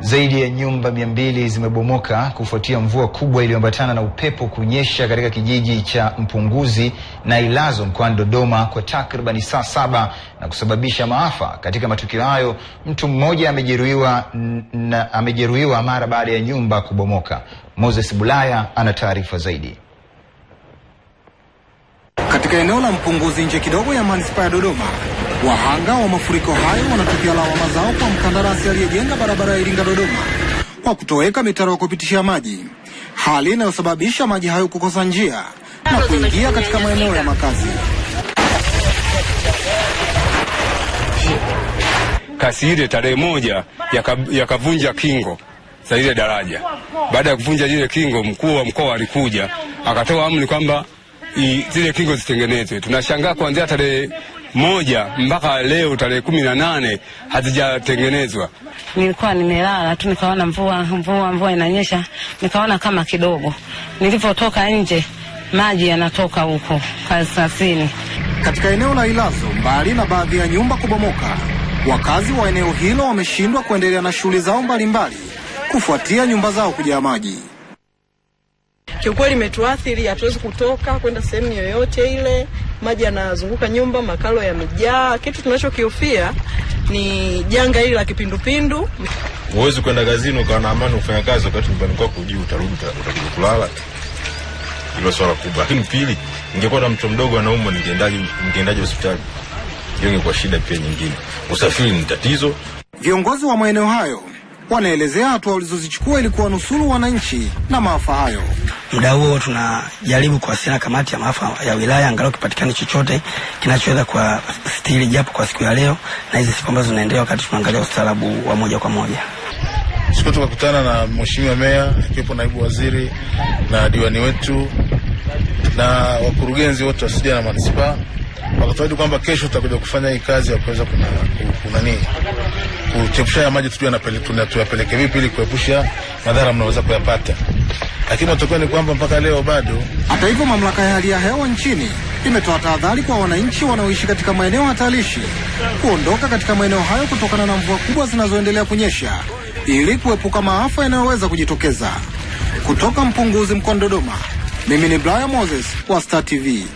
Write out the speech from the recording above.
Zaidi ya nyumba mia mbili zimebomoka kufuatia mvua kubwa iliyoambatana na upepo kunyesha katika kijiji cha Mpunguzi na Ilazo mkoani Dodoma kwa takribani saa saba na kusababisha maafa. Katika matukio hayo, mtu mmoja amejeruhiwa na amejeruhiwa mara baada ya nyumba kubomoka. Moses Bulaya ana taarifa zaidi. Katika eneo la Mpunguzi nje kidogo ya manispaa ya Dodoma Wahanga wa mafuriko hayo wanatupia lawama zao kwa mkandarasi aliyejenga barabara ya Iringa Dodoma kwa kutoweka mitaro ya kupitishia maji, hali inayosababisha maji hayo kukosa njia na kuingia katika maeneo ya makazi. Kasi ile tarehe moja yakavunja yaka kingo za ile daraja. Baada ya kuvunja ile kingo, mkuu wa mkoa alikuja akatoa amri kwamba i, zile kingo zitengenezwe. Tunashangaa kuanzia tarehe moja mpaka leo tarehe kumi na nane hazijatengenezwa. Nilikuwa nimelala tu nikaona mvua mvua mvua inanyesha, nikaona kama kidogo. Nilipotoka nje maji yanatoka huko kaskazini. Katika eneo la Ilazo, mbali na baadhi ya nyumba kubomoka, wakazi wa eneo hilo wameshindwa kuendelea na shughuli zao mbalimbali kufuatia nyumba zao kujaa maji kiukweli imetuathiri, hatuwezi kutoka kwenda sehemu yoyote ile, maji yanazunguka nyumba, makalo yamejaa. Kitu tunachokihofia ni janga hili la kipindupindu. Huwezi kwenda kazini ukawa na amani ufanya kazi wakati nyumbani kwako ujui utarudi utakuja kulala. Hilo swala kubwa. Lakini pili, ningekuwa na mtoto mdogo anaumwa, ningeendaje? Ningeendaje hospitali? Hiyo ingekuwa shida pia nyingine. Usafiri ni tatizo. Viongozi wa maeneo hayo wanaelezea hatua walizozichukua ili kuwanusuru wananchi na maafa hayo. Muda huo tunajaribu kuwasiliana kamati ya maafa ya wilaya, angalau kipatikane chochote kinachoweza kwa stili japo kwa siku ya leo na hizi siku ambazo zinaendelea, wakati tunaangalia ustaarabu wa moja kwa moja. Siku tukakutana na mheshimiwa meya akiwepo naibu waziri na diwani wetu na wakurugenzi wote wa sijara na manispaa wakatuahidi kwamba kesho tutakuja kufanya hii kazi ya kuweza kuna, kuna nini kuchepusha ya maji tujue tunayapeleke vipi ili kuepusha madhara mnaweza kuyapata, lakini matokeo ni kwamba mpaka leo bado. Hata hivyo, mamlaka ya hali ya hewa nchini imetoa tahadhari kwa wananchi wanaoishi katika maeneo hatarishi kuondoka katika maeneo hayo kutokana na mvua kubwa zinazoendelea kunyesha ili kuepuka maafa yanayoweza kujitokeza. Kutoka Mpunguzi mkoani Dodoma, mimi ni Brian Moses wa Star TV.